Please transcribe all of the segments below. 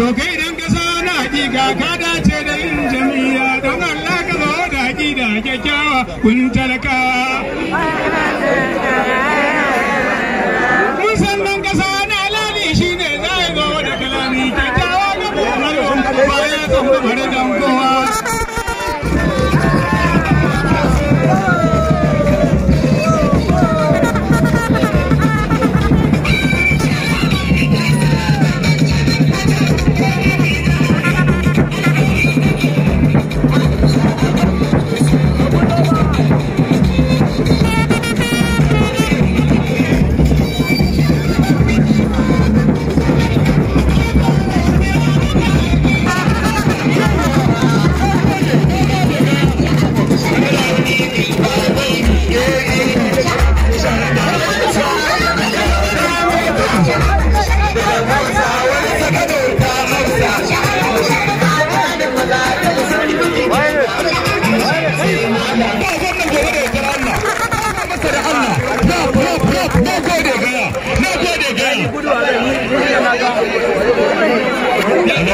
to kai dan kasa na hakika ka dace da yin jami'a don Allah ka zo da hakida kyakkyawa kun talakawa mun san dan kasa na alali shine zai zo da kalami kyakkyawa ga mu ba ya san da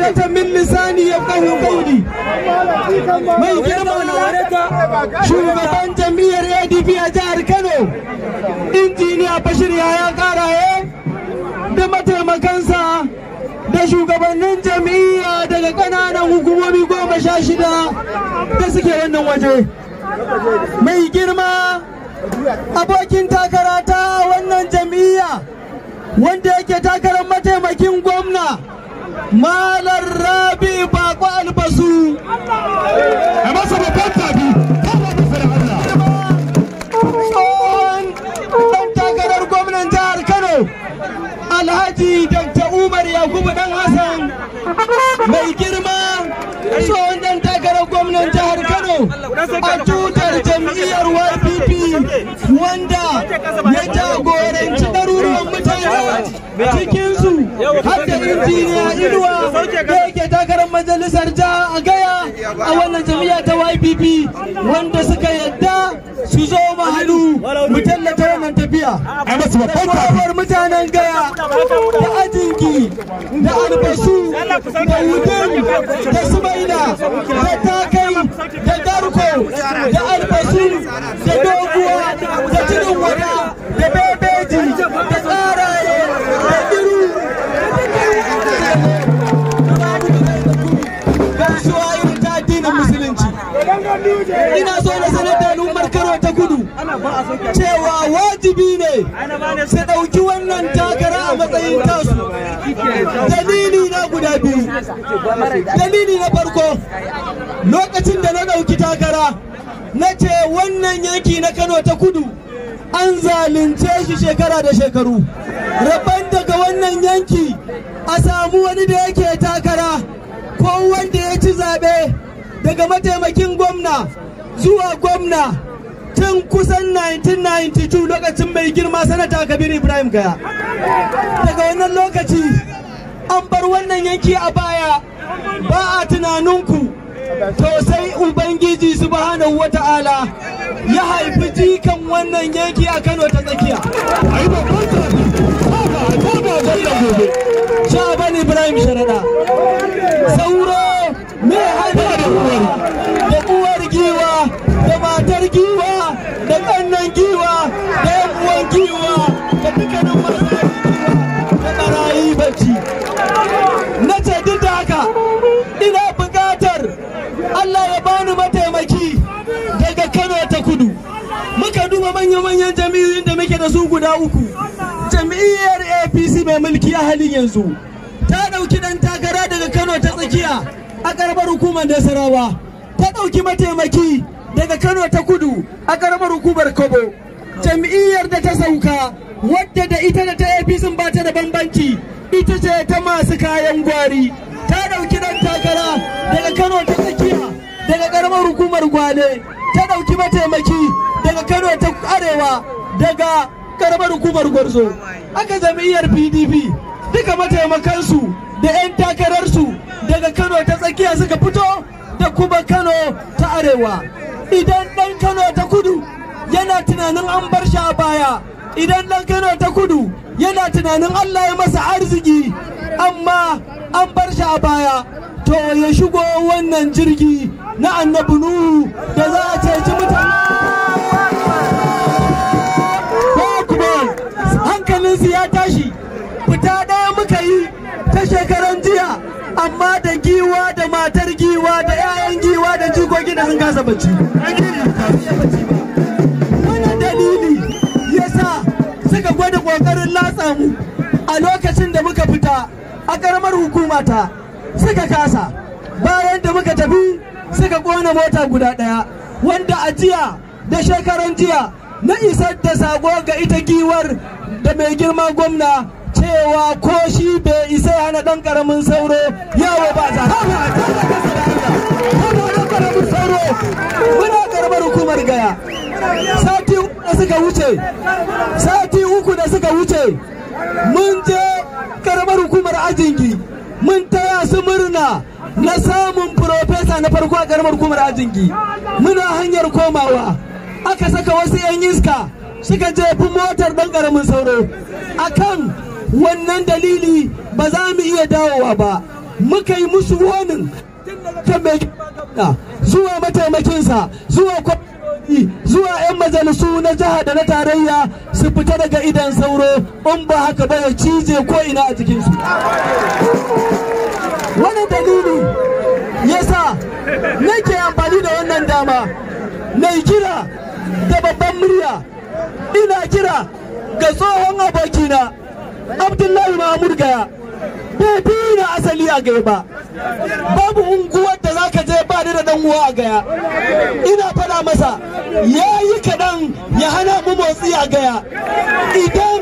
min من ya يفقه قولي mai girma shugaban jam'iyyar adp a jihar kano injiniya bashir yaya karaye da mataimakansa da shugabannin jam'iyya daga kananan hukumomi goma sha shida da suke wannan waje mai girma abokin takara ta wannan jam'iyya wanda yake takarar mataimakin gwamna malar rabi bako albasu a masa babban tabi ɗan takarar gwamnan jihar kano alhaji dr umar yakubu dan hassan mai girma tsohon cikin cikinsu har injiniya inuwa da yake takarar majalisar ja a gaya a wannan jami'a ta ypp wanda suka yadda su zo mu haɗu mu tallata wannan tafiya da mutanen gaya da ajinki da albasu da wudin da sumaina da takai da garko da albasu da dogo ina so na sanar da al'ummar karo ta kudu cewa wajibi ne su ɗauki wannan takara a matsayin tasu dalili na guda biyu dalili na farko lokacin da na ɗauki takara na ce wannan yanki na kano ta kudu an zalunce shi shekara da shekaru rabban daga wannan yanki a samu wani da yake takara ko wanda ya ci zaɓe daga mataimakin gwamna zuwa gwamna tun kusan 1992 lokacin mai girma sanata kabir ibrahim gaya daga wannan lokaci an bar wannan yanki a baya ba a tunaninku to sai ubangiji subhanahu ta'ala ya haifi jikan wannan yanki a kano ta tsakiya sha'aban ibrahim sharada sauro me da uwar giwa da matar giwa da kannan giwa da yan giwa da dukkanin masu giwa da barayi bacci na ce duk da haka ina buƙatar Allah ya bani mataimaki daga Kano ta kudu muka duba manya-manyan jami'in da muke da su guda uku jam'iyyar apc mai mulki a halin yanzu ta ɗauki ɗan takara daga kano ta tsakiya a karamar hukumar sarawa ta ɗauki mataimaki daga kano ta kudu a karbar hukumar kobo jam'iyyar da ta sauka wadda da ita da ta apc ba ta da bambanci ita ce ta masu kayan gwari ta ɗauki ɗan takara daga kano ta tsakiya daga ƙaramar hukumar gwale ta ɗauki mataimaki daga kano ta arewa daga ƙaramar hukumar gwarzo aka jam'iyyar pdp duka mataimakansu da 'yan takararsu daga kano ta tsakiya suka fito da kuma kano ta arewa idan ɗan kano ta kudu yana tunanin an bar shi a baya idan ɗan kano ta kudu yana tunanin allah ya masa arziki amma an bar shi a baya to ya shigo wannan jirgi na annabi nuhu da za a ceci mutane da an kasa bacci wannan dalili sa suka gwada ƙoƙarin latsa mu a lokacin da muka fita a hukuma hukumata suka kasa bayan da muka tafi suka ƙona mota guda ɗaya wanda a jiya da shekaran jiya na isar da sako ga ita giwar da mai girma gwamna cewa ko shi bai isa hana ɗan karamin sauro yawo ba za muna karbar hukumar gaya sati uku da suka wuce sati uku da suka wuce mun je karamar hukumar ajingi mun taya su murna na samun profesa na farko a karamar hukumar ajingi muna hanyar komawa aka saka wasu 'yan iska suka jefi motar dan karamin sauro akan wannan dalili ba za mu iya dawowa ba muka yi musu wonin kan mai zuwa mataimakinsa zuwa kwamitoni zuwa 'yan majalisu na jiha da na tarayya su fita daga idan sauro in ba haka ba ya cije ko ina a jikinsu wani dalili yasa nake amfani da wannan dama mai kira da babban murya ina kira ga tsohon abokina abdullahi mahmud gaya bai fi na asali a gaya ba babu unguwar da zaka je ba ni da dan uwa a gaya ina faɗa masa ya yi kaɗan ya hana mu motsi a gaya idan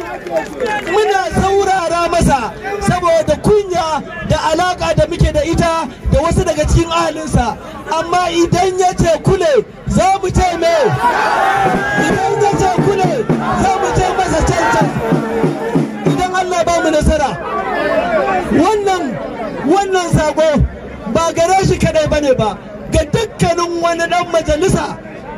muna saurara masa saboda kunya da alaka da muke da ita da wasu daga cikin ahalinsa amma idan ya ce kule za mu ce me idan ya kule za ce masa cancan idan allah ba nasara wannan sako ba gare shi kadai ba ne ba ga dukkanin wani dan majalisa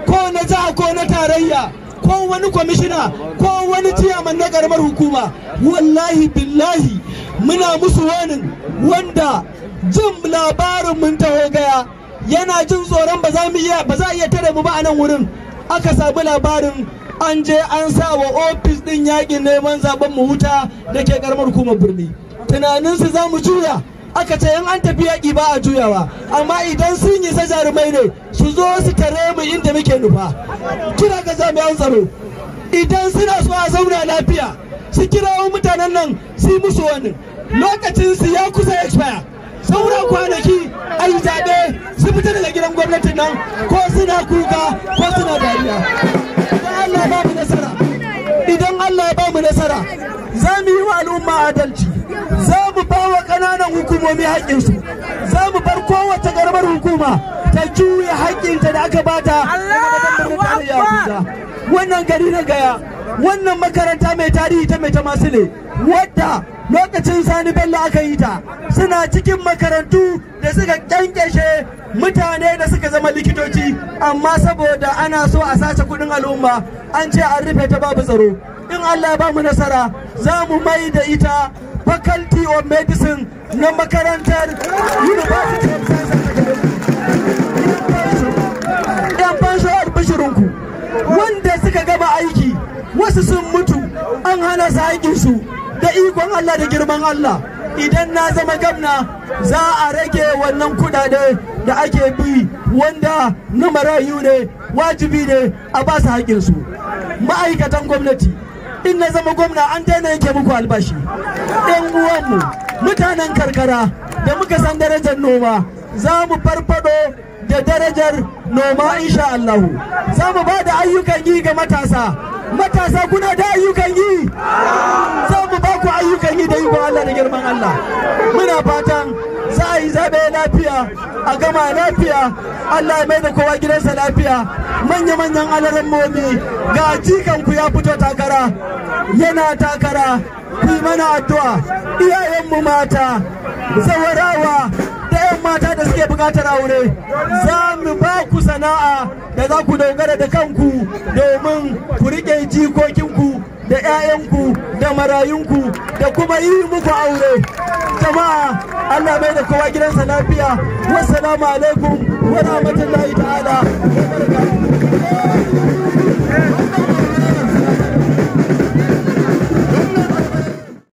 ko na jiha ko na tarayya ko wani kwamishina ko wani ciyaman na karamar hukuma wallahi billahi muna musu wani wanda jin labarin mun taho gaya yana jin tsoron ba za a iya tare mu ba a nan wurin aka sabu labarin an je an sa wa ofis din yakin neman zaben mu huta da ke karamar hukumar birni tunaninsu za mu juya aka ce in an tafi yaƙi ba a juyawa amma idan sun yi sa jarumai ne su zo su tare mu inda muke nufa kira ga jami'an tsaro idan suna so a zauna lafiya su wa mutanen nan su musu wani lokacin su ya kusa expire saura kwanaki a yi zaɓe su fita daga gidan gwamnatin nan ko suna kuka ko suna dariya idan Allah ba mu nasara idan Allah ba mu nasara za mu yi wa al'umma adalci za komai haƙƙinsu za mu bar kowace garbar hukuma ta juya haƙƙinta da aka bata wannan gari na gaya wannan makaranta mai tarihi ta mai ta ne. wadda lokacin sani bello aka yi ta suna cikin makarantu da suka kyankyashe mutane da suka zama likitoci amma saboda ana so a sace kudin al'umma an ce an rufe ta babu tsaro in allah ya ba mu nasara za mu mai da ita faculty of medicine na makarantar university of science wanda suka gama aiki wasu sun mutu an hana su haƙinsu da ikon allah da girman allah idan na zama gamna za a rage wannan kudade da ake bi wanda na marayu ne wajibi ne a ba su haƙinsu ma'aikatan gwamnati in na zama gwamna an daina yake muku albashi ɗan uwanmu mutanen karkara da muka san darajar noma za mu farfado da darajar noma insha Allahu za mu ba da ayyukan yi ga matasa matasa kuna da ayyukan yi za mu ba ku ayyukan yi da yi Allah da girman Allah muna fatan za a yi zaɓe lafiya a gama lafiya Allah ya mai da kowa gidansa lafiya manya-manyan alaran momi ga jikanku ya fito takara yana takara ku mana addu'a iyayenmu mata zawarawa da 'yan mata da suke bukatar aure za mu ba ku sana'a da za ku dogara da kanku domin ku riƙe jikokinku da 'ya'yanku da marayunku da kuma yi muku aure jama'a Allah mai da kowa gidansa lafiya wassalamu alaikum wa rahmatullahi ta'ala wa